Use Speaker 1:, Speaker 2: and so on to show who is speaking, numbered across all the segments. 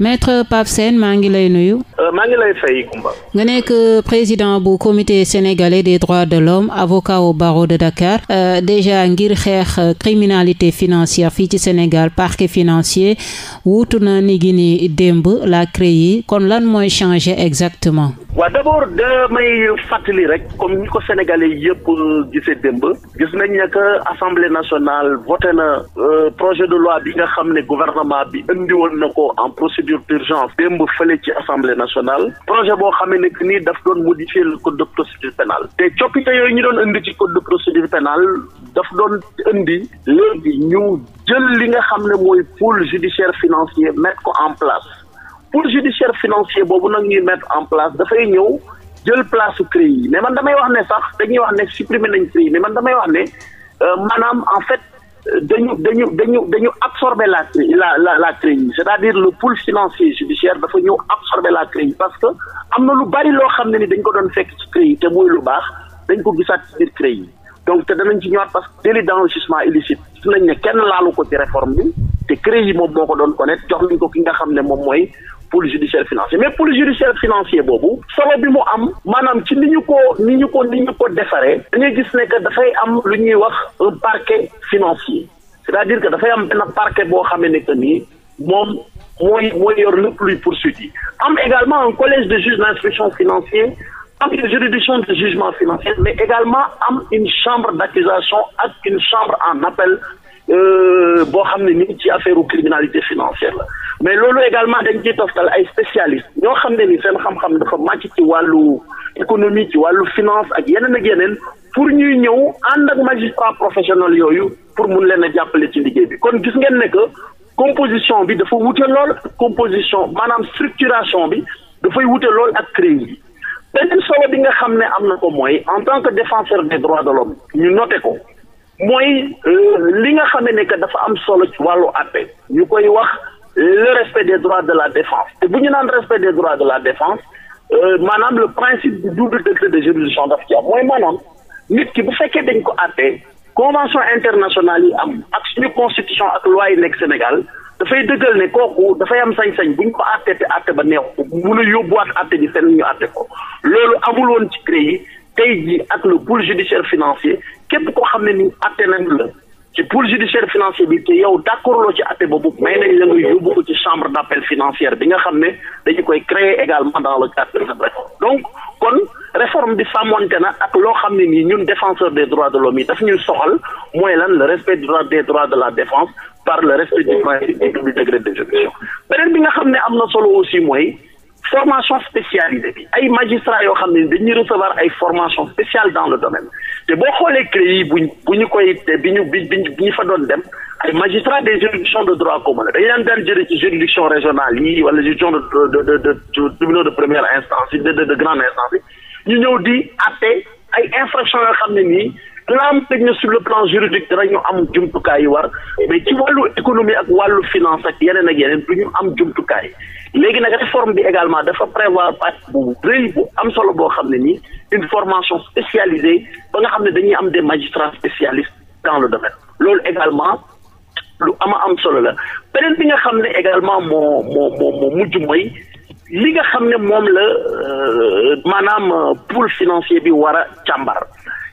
Speaker 1: maître Pape Sène maa ngi lay nuyu.
Speaker 2: Euh, maa ngi lay fay Kumba.
Speaker 1: nga nekk euh, président bu comité sénégalais des droits de l'homme avocat au barreau de Dakar euh, déjà ngir xeex criminalité financière fii ci Sénégal parquet financier wuutu na ni gi ni démb la CREI kon lan mooy changé exactement.
Speaker 2: waaw d'abord damay fàttali rek comme ni ko sénégalais yëpp gisee démb gis nañ ne assemblée nationale voté na projet de loi bi nga xam ne gouvernement bi indi na ko en procédure. procédure d'urgence démb fële ci assemblée nationale projet boo xamee ne nii daf doon modifier le code de procédure pénale te coppite yooyu ñu doon indi ci code de procédure pénale daf doon indi léegi ñu jël li nga xam ne mooy pôle judiciaire financier mettre ko en place pôle judiciaire financier boobu nag ñuy mettre en place dafay ñëw jël place su CREI mais man damay wax ne sax dañuy wax ne supprimer nañ CREI mais man damay wax ne euh, maanaam en fait dañu dañu dañu dañu absorber la la la la crise c'est-à-dire le pool financier judiciaire dafa ñëw absorber la crise parce que am na lu bari loo xam ne ni dañ ko doon fekk ci crise te muy lu baax dañ ko gisaat ci biir crise donc te danañ ci ñëwaat parce que délit d'enrichissement illicite gis nañ ne kenn laalu ko ci réforme bi te crise yi moom moo ko doon connaître jox lañ ko ki nga xam ne moom mooy pôle judiciaire financier mais pôle judiciaire financier boobu solo bi mu am maanaam ci ni ñu ko ni ñu ko ni ñu ko defaree dañuy gis ne que dafay am lu ñuy wax un parquet financier c'est-à-dire que dafay am benn parquet boo xamee ne que nii moom mooy mooy yor lépp luy poursuite yi am également un collège de juges d'instruction financier am une juridiction de jugement financier mais également am une chambre d'accusation ak une chambre en appel Euh, boo xam ne nii ci affaire criminalité financière la mais loolu également dañ ciy toftal ay spécialistes ñoo xam ne ni seen xam-xam dafa màcc ci wàllu économie ci wàllu finance ak yeneen ak yeneen pour ñuy ñëw ànd ak magistrat professionnel yooyu pour mun leen a jàppale ci liggéey bi kon gis ngeen ne que composition bi dafa wute lool composition maanaam structuration bi dafay wute lool ak CREI bi beneen solo bi nga xam ne am na ko mooy en tant que défenseur des droits de l'homme ñu noté ko mooy euh, li nga xam ne que dafa am solo ci wàllu appel ñu koy wax le respect des droits de la défense te bu ñu naan respect de droits de la défense euh, maanaam le principe du double degré de juridiction daf ci am mooy maanaam nit ki bu fekkee dañ ko àttee convention internationale yi am ak suñu constitution ak loi yi nekk Sénégal dafay dëggal ne kooku dafay am sañ-sañ bu ñu ko àttee te àtte ba neex ko mun a yóbbuwaat àtte ji fenn ñu àtte ko loolu amul woon ci CREI tey ji ak le pôle judiciaire financier képp koo xam ne ni atte nañu la ci pôle judiciaire financier bi te yow d'accord loo ci atte boobu may nañ la nga yóbbu ko ci chambre d'appel financière bi nga xam ne dañu koy créer également dans le cadre de donc kon réforme bi sàmmonte na ak loo xam ne nii ñun défenseur des droits de l'homme yi daf ñuy soxal mooy lan le respect du des droits de la défense par le respect du principe du double beneen bi nga xam ne am na solo aussi mooy formation spécialisée bi ay magistrats yoo xam ne dañuy recevoir ay formation spéciale dans le domaine te boo xoolee CREI yi buñ bu ñu koy bi ñu bi bi ñu fa doon dem ay magistrats des juridictions de droit commun dañu daan daan jëlee ci juridiction régionale yi wala juridiction de de de de tribunaux de première instance yi de de de grande instance yi ñu ñëw di àtte ay infractions yoo xam ne nii laam tëj na sur le plan juridique danañu am jumtukaay yi war mais ci wàllu économie ak wàllu finance ak yeneen ak yeneen du ñu am jumtukaay léegi nag réforme bi également dafa prévoir pàcc bu rëy bu am solo boo xam ne nii une formation spécialisée ba nga xam ne dañuy am des magistrats spécialistes dans le domaine loolu également lu am a am solo la beneen bi nga xam ne également moo moo moo mujj mooy li nga xam ne moom la euh, maanaam euh, pool financier bi war a càmbar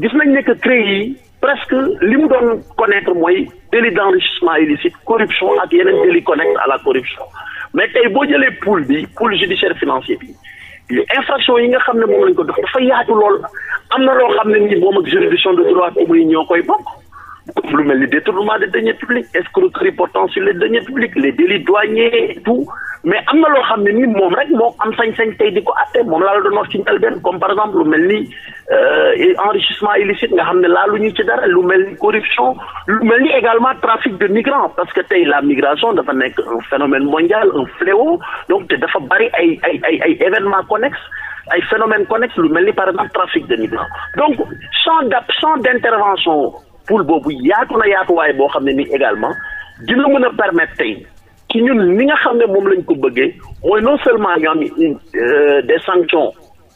Speaker 2: gis nañ ne que CREI yi presque li mu doon connaître mooy délit d'enrichissement illicite corruption ak yeneen délit connecte à la corruption mais tey boo jëlee pool bi pool judiciaire financier bi infraction yi nga xam ne moom lañ ko dox dafa yaatu lool am na loo xam ne nii moom ak juridiction de droit commun yi ñoo koy bokk comme lu mel ni détournement des deniers publics escroquerie portant sur les deniers publics les délits douaniers et tout mais am na loo xam ne ni moom rek moo am sañ-sañ tey di ko atte moom laa la doon wax ci njëlbeen comme par exemple lu mel ni euh, enrichissement illicite nga xam ne laa lu ñu ci dara lu mel ni corruption lu mel ni également trafic de migrants parce que tey la migration dafa nekk un phénomène mondial un fléau donc te dafa bari ay ay ay ay événements connexes ay phénomènes connexes lu mel ni par exemple trafic de migrants donc champ d' champ d' intervention pool boobu yaatu na yaatuwaay boo xam ne ni également dina mën a permettre tey ci ñun ni nga xam ne moom lañ ko bëggee mooy non seulement ñu am euh, des sanctions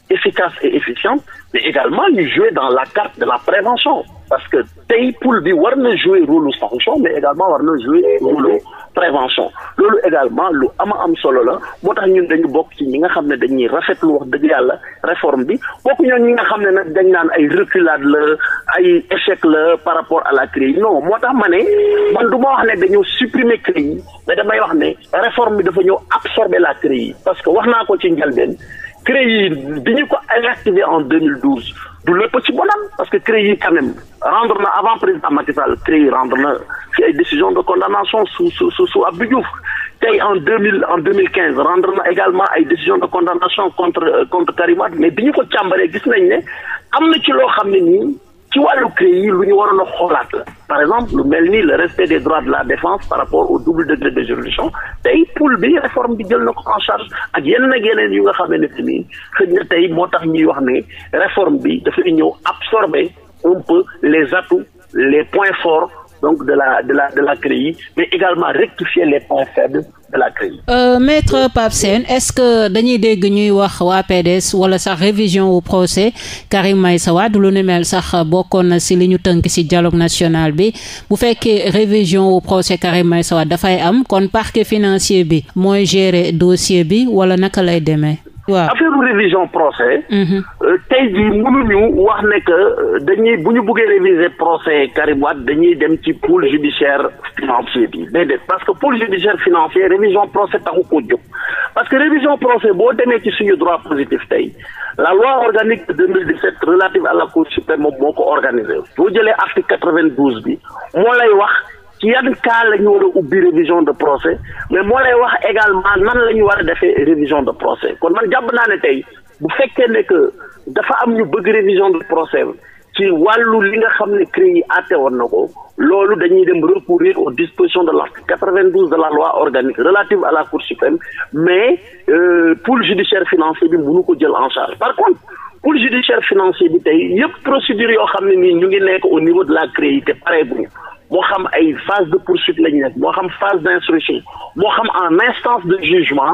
Speaker 2: efficaces et efficientes mais également ñu jouer dans la carte de la prévention parce que tey poule bi war na jouer rôle sanction mais également war na jouer rôle prévention loolu également lu ama am solo la moo tax ñun dañu bokk ci ñi nga xam ne dañuy rafetlu wax dëgg yàlla réforme bi bokk ñoon ñi nga xam ne dañ naan ay reculade la ay échec la par rapport à la yi non moo tax ma ne man du wax ne dañoo supprimer CREI mais damay wax ne réforme bi dafa ñëw absorber la yi parce que wax naa ko ci njëlbeen CREI bi ñu ko réactiver en 2012 du lépp ci bonam parce que CREI yi même rendre na avant président Macky Sall CREI rendre na ci ay décision de condamnation sous sous sous sous Abdou Diouf tey en deux mille en deux mille quinze rendre na également ay décision de condamnation contre euh, contre Karim ñu ko càmbaree gis nañ ne am na ci loo xam ne nii. créé yi lu ñu waroon a xoolaat la par exemple lu mel nii le respect des droits de la défense par rapport au double degré de juridiction tey pool bi réforme bi jël na ko en charge ak yeneen ak yu nga xamante ni xëy na tey moo tax ñuy wax ne réforme bi dafay ñëw absorber un peu les atouts les points forts donc de la de la de la CREI mais également rectifier les points faibles de la crise.
Speaker 1: Euh, ce que dañuy dégg ñuy wax waa PDS wala sax révision wu procès Karim Meïssa Wade lu ne sax bokkoon na si li ñu tënk si dialogue nationale bi bu fekkee révision wu procès Karim Meïssa dafay am kon parquet financier bi mooy gérer dossier bi wala naka lay demee.
Speaker 2: waaw affaire révision procès. Mhm. Euh, tey jii mënuñu wax ne que euh, dañuy bu ñu buggee réviser procès Karim Wade dañuy dem ci pôle judiciaire financier bi déedéet parce que pôle judiciaire financier révision procès taxu ko jóg parce que révision procès boo demee ci suñu droit positif tey la loi organique de 2017 relative à la Cour suprême moom moo ko organisé boo jëlee article 92 bi moo lay wax. ci yan cas la ñu war a ubbi révision de procès mais moo lay wax également nan la ñu war a defee révision de procès kon man jàpp naa ne tey bu fekkee ne que dafa am ñu bëgg révision de procès ci wàllu li nga xam ne CREI àtte woon na ko loolu dañuy dem recourir aux dispositions de l'article 92 de la loi organique relative à la Cour suprême mais euh, pôle judiciaire financier bi mënu ko jël en charge par contre pôle judiciaire financier bi tey yëpp procédure yoo xam ne nii ñu ngi nekk au niveau de la CREI te pareeguñu moo xam ay phase de poursuite la ñu nekk moo xam phase d' instruction moo xam en instance de jugement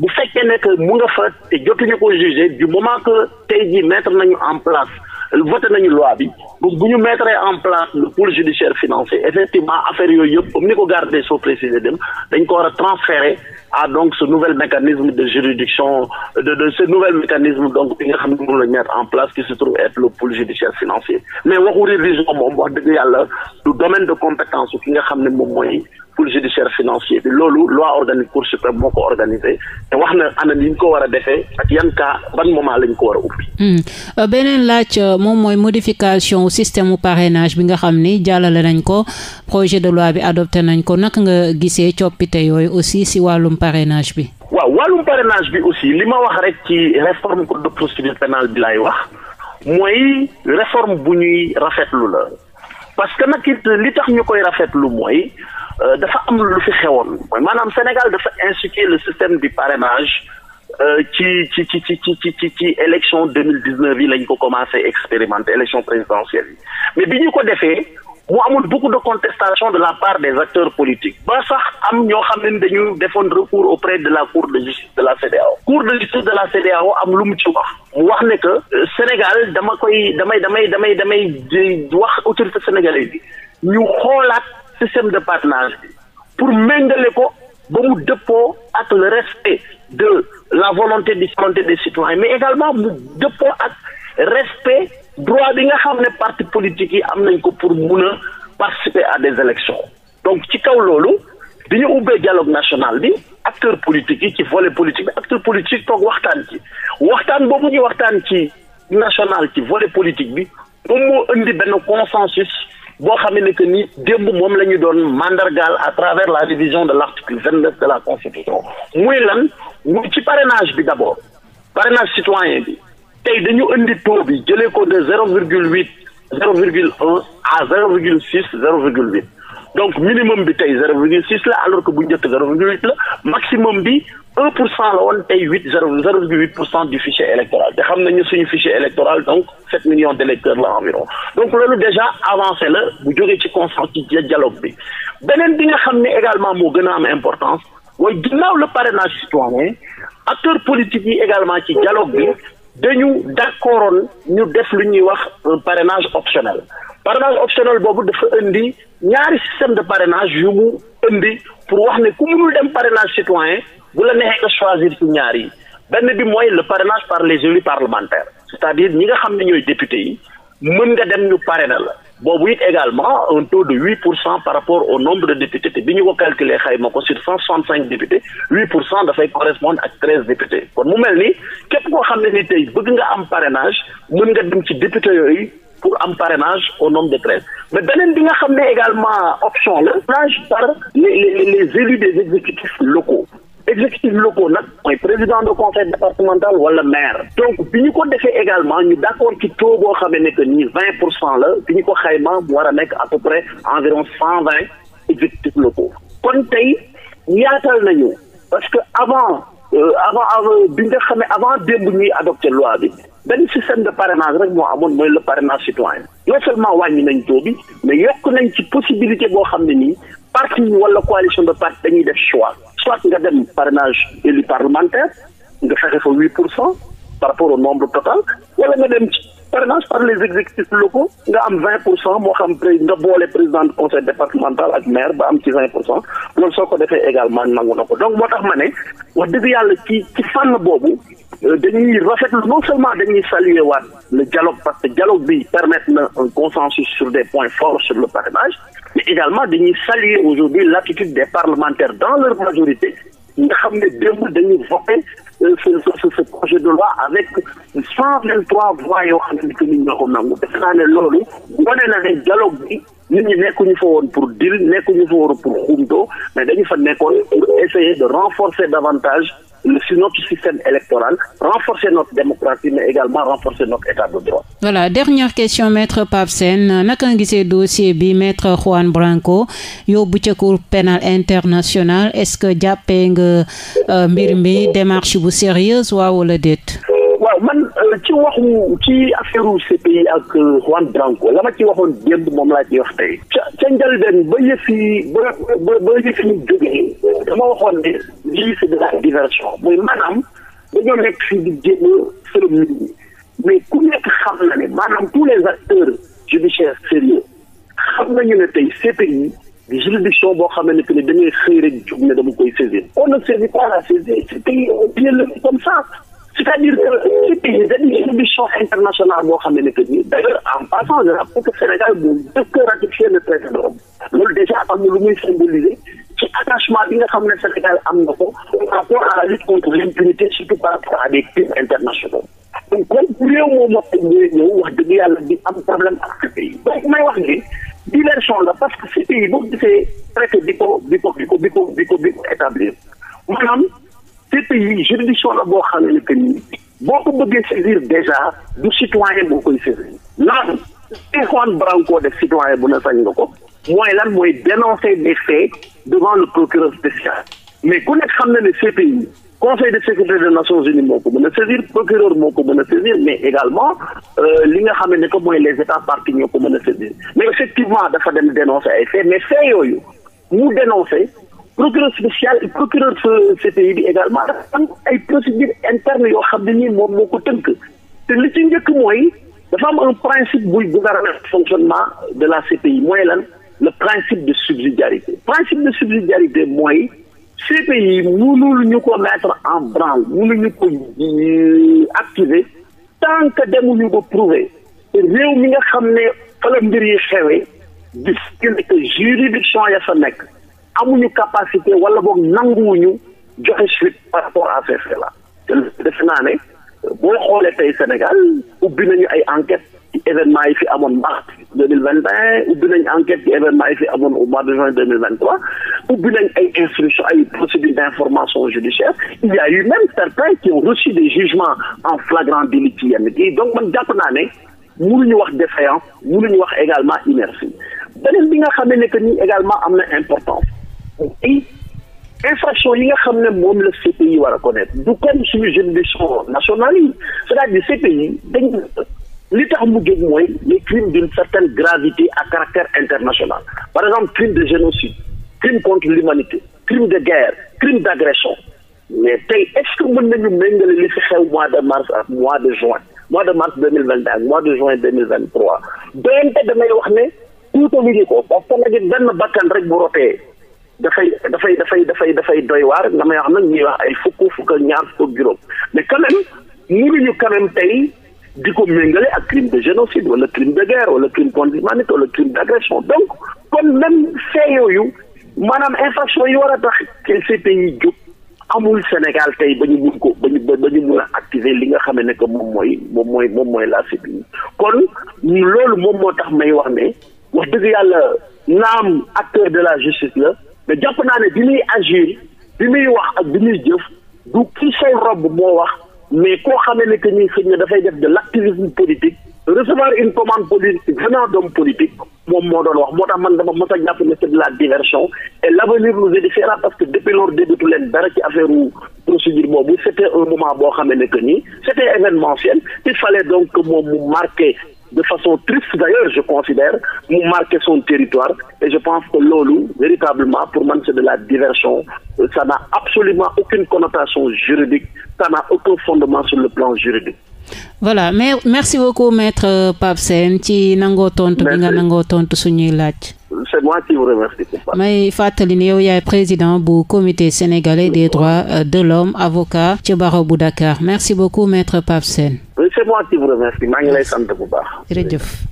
Speaker 2: bu fekkee ne que mu nga fa te jotuñu ko juger du moment que tey jii mettre nañu en place voté nañu loi bi bu bu ñu mettre en place le pôle judiciaire financier effectivement affaire yooyu yëpp comme ni ko gardé soo précisé dem dañ ko a transférer à donc ce nouvel mécanisme de juridiction de de ce nouvel mécanisme donc bi nga xam ne moom la mettre en place qui se trouve être le judiciaire financier mais waxu révision moom wax dëgg yàlla du domaine de compétence ki nga xam ne moom mooy concours judiciaire financier bi loolu loi organique cour suprême moo ko organisé te wax na ana ni ko war a defee ak yan cas ban moment lañ ko war a ubbi.
Speaker 1: Hmm. Euh, beneen laaj euh, moom mooy modification système parrainage bi nga xam ni jàllale nañ ko projet de loi bi adopté nañ ko naka nga gisee coppite yooyu aussi si wàllum parrainage bi.
Speaker 2: waaw wàllum parrainage bi aussi li ma wax rek ci réforme code de procédure pénale bi laay wax mooy réforme bu ñuy rafetlu la parce que nag li tax ñu koy rafetlu Euh, dafa am lu fi xewoon mooy maanaam Sénégal dafa instituer le système du parrainage euh, ci ci ci ci ci ci ci élection deux mille dix neuf yi lañ ko commencé expérimenter élection présidentielle yi mais bi ñu ko defee mu amul beaucoup de contestation de la part des acteurs politiques ba sax am ñoo xam ne dañu defoon recours auprès de la cour de justice de la CEDEAO cour de justice de la CEDEAO am lu mu ci wax mu wax ne que euh, Sénégal dama koy damay damay damay damay wax autorité sénégalaise bi système de partenariat pour méngale ko ba mu dëppoo ak le respect de la volonté du volonté des citoyens mais également mu dëppoo ak respect droit bi nga xam ne parti politique yi am nañ ko pour mun a participer à des élections donc ci kaw loolu bi ñu ubbee dialogue national bi acteur politique yi ci volet politique bi acteur politique toog waxtaan ci waxtaan boobu ñuy waxtaan ci national ci volet politique bi moom moo indi benn consensus boo xam ne que ni démb moom lañu doon mandargaal à travers la révision de l' article vingt neuf de la constitution muy lan muy ci parenage bi d' abord parrainage citoyen bi tey dañu indi taux bi jëlee ko de zéro virgule huit zéro virgule un à zéro virgule six zéro virgule huit donc minimum bi tey zéro virgule six la alors que bu njëkk zéro virgule huit la maximum bi un pour cent la woon tey huit zéro zéro virgule huit pour cent du fichier électoral te xam nañu suñu fichier électoral donc sept millions d' électeurs la environ donc loolu déjà avancé la bu jogee ci constat ci dialogue bi beneen bi nga xam ne également moo gën a am importance mooy ginnaaw le parrainage citoyen acteur politiques yi également ci dialogue bi dañu d' accordoon ñu def lu ñuy wax parrainage optionnel parrainage optionnel boobu dafa indi ñaari système de parrainage yu mu indi pour wax ne ku mënul dem parrainage citoyen bu la neexee nga choisir ci ñaar yi benn bi mooy le parrainage par les élus parlementaires c'est-à-dire ñi nga xam ne ñooy député yi mën nga dem ñu parrainé la boobu it également un taux de huit pour cent par rapport au nombre de députés te bi ñu ko calculer xayma ko sur cent cinq députés huit pour cent dafay correspondre ak treize députés kon mu mel ni képp koo xam ne ni tey bëgg nga am parrainage mën nga dem ci député yooyu pour am parrainage au nombre de mais beneen bi nga xam ne également option la parrainage par les les élus exécutif locaux nag mooy président de conseil départemental wala maire donc bi ñu ko defee également ñu d'accord ci taux boo xamee ne que ni vingt pour cent la bi ñu ko xayma mu war a nekk à peu près environ cent vingt exécutifs locaux kon tey yaatal nañu parce que euh, avant avant bi nga xamee avant démb ñuy adopté loi bi benn système de parrainage rek moo amoon mooy le parrainage citoyen non seulement wàññi nañ taux bi mais yokk nañ ci possibilité boo xam ne nii parti wala coalition de parti dañuy def choix soit nga dem parrainage élu parlementaire nga fexe fa huit pour cent par rapport au nombre total wala nga dem ci parrainage par les exécutifs locaux nga am vingt pour cent moo xam nga boole président du conseil départemental ak maire ba am ci vingt pour cent loolu soo ko defee également nangu na ko donc moo tax ma ne wax dëgg yàlla ci ci fànn boobu euh, dañuy rafetlu non seulement dañuy saluer waat le dialogue parce que dialogue bi permettre na un consensus sur des points forts sur le parrainage mais également dañuy saluer aujourd'hui l'attitude des parlementaires dans leur majorité nga xam ne démb dañuy voté ce ce projet de loi avec cent vingt trois voix yoo xam ne que nit ñoo ko nangu defe naa ne loolu wane na ne dialogue bi nit ñi nekkuñu fa woon pour dil nekkuñu fa woon pour xumtoo mais dañu fa nekkoon pour essayer de renforcer davantage sur notre système électoral, renforcer notre démocratie, mais également renforcer notre état
Speaker 1: dernière question, Maître Pavsen. Naka nga gisee dossier bi Maître Juan Branco yóbbu ca cour pénale internationale est-ce que jàppee nga euh, mbir démarche bu sérieuse waaw wala déet.
Speaker 2: waaw man euh, ci waxu ci affaire CPI ak euh, Juan Branco la ma ci waxoon démb moom laa ci wax tey te ca njëlbeen ba yëf yi ba ba ba yëf yi jógee dama waxoon ne lii c'est de la diversion mooy maanaam dañoo nekk fii di jéem a sërëm nit ñi mais ku nekk xam na ne maanaam tous les acteurs judiciaires sérieux xam nañu ne tey CPI juridiction boo xam ne que ne da ngay xëy rek jóg ne dama koy saisir on ne saisit pas la saisir CPI on le comme ça c'est-à-dire que ci pays dañuy condition internationale boo xam ne que ni d'ailleurs en Sénégal moom dëkk ratifié le traité de Rome loolu déjà am na lu muy symboliser ci attachement bi nga xam ne Sénégal am na a par rapport à la lutte contre l'impunité surtout par rapport à des crimes internationaux donc kon réew moom wax dëgg ñëw wax dëgg yàlla di am problème ak ce pays donc may wax ni diversion la parce que ce pays boo gisee traité bi bi ko bi ko bi ko bi pays juridiction la boo xam ne que ni boo ko bëggee saisir déjà du citoyen boo koy saisir lan li Juan Branco def citoyen bu na sañ nga ko mooy lan mooy dénoncer des faits devant le procureur spécial mais ku nekk xam na ne CPI conseil de sécurité des nations unies moo ko mën a saisir procureur moo ko mën a saisir mais également euh, li nga xam ne ko mooy les états parties ñoo ko mën a saisir mais effectivement dafa dem dénoncer ay faits mais faits yooyu mu dénoncer procureur spécial et procureur CPI bi également dafa am ay procédures internes yoo xam ne nii moom moo ko tënk te li ci njëkk mooy dafa am un principe buy gouverner fonctionnement de la CPI mooy lan le principe de subsidiarité principe de subsidiarité mooy CPI mënul ñu ko mettre en branle mënul ñu ko euh, activer tant que demuñu ba prouver te réew mi nga xam ne fa la mbir yi xewee di nekk juridiction ya fa nekk amuñu capacité wala boog nanguwuñu joxe suite par rapport à ces faits là naa ne boo xoolee tey Sénégal ubbi nañu ay enquête ci événement yi fi amoon mars deux mille vingt et un ubbi nañu enquête ci événement yi fi amoon au mois de juin deux mille vingt trois ubbi nañu ay instruction ay procédures d'information judiciaire il y a eu même certains qui ont reçu des jugements en flagrant délit ci yenn kii man jàpp naa ne mënuñu wax défaillant mënuñu wax également inertie beneen bi nga xamee ne que ni également am na importance ay infraction yi nga xam ne moom la CPI war a connaître du comme suñu juridiction nationale yi c'est-à-dire CPI dañ li tax mu jóg mooy les crimes d'une certaine gravité à caractère international par exemple crime de génocide crime contre l'humanité crime de guerre crime d'agression mais tey est-ce que mën nañu méngale li fi xew mois de mars ak mois de juin mois de mars deux mille vingt et un mois de juin deux mille vingt trois doyante damay wax ne tuutali ñu ko parce que nag bakkan rek bu rotee dafay dafay dafay dafay dafay doy waar damay wax nag ñuy wax ay fukk fukk ak ñaar fukk ak juróom mais quand même mënuñu tey di ko méngale ak crime de génocide wala crime de guerre wala crime contre l'humanité wala crime d'agression donc kon même fee yooyu maanaam infraction yi war a tax ces pays yi jóg amul Sénégal tey ba ñu mun ko ba ñu ba ñu mun a activer li nga xam ne ko moom mooy moom mooy moom mooy la kon loolu moom moo tax may wax ne wax dëgg yàlla naam acteur de la justice la te jàpp naa ne bi muy agir bi muy wax ak bi muy jëf du ki sol robe moo wax mais koo xamee ne que ni xëy na dafay def de l' activisme politique recevoir une commande politique venant d'homme politique moom moo doon wax moo tax man dama mos a jàpp ne c'est de la diversion et l' avenir nous parce que depuis lors leen dara ci affaire wu procédure boobu c' était un moment boo xamee ne que nii c' était événementiel il fallait donc moom mu marqué de façon triste d'ailleurs je considère mu marqué son territoire et je pense que loolu véritablement pour man c'est de la diversion ça n'a absolument aucune connotation juridique ça n'a aucun fondement sur le plan juridique
Speaker 1: voilà mais merci beaucoup maître Pape ci nangoo tontu bi nga nangoo tontu suñuy laaj
Speaker 2: c'est moi qui
Speaker 1: fàttali ne yow yaay président bu comité sénégalais des droits euh, de l'homme avocat ci barreau bu Dakar merci beaucoup maître Pape Sène.
Speaker 2: c'est moi qui vous remercie maa ngi lay sant bu
Speaker 1: baax. jërëjëf.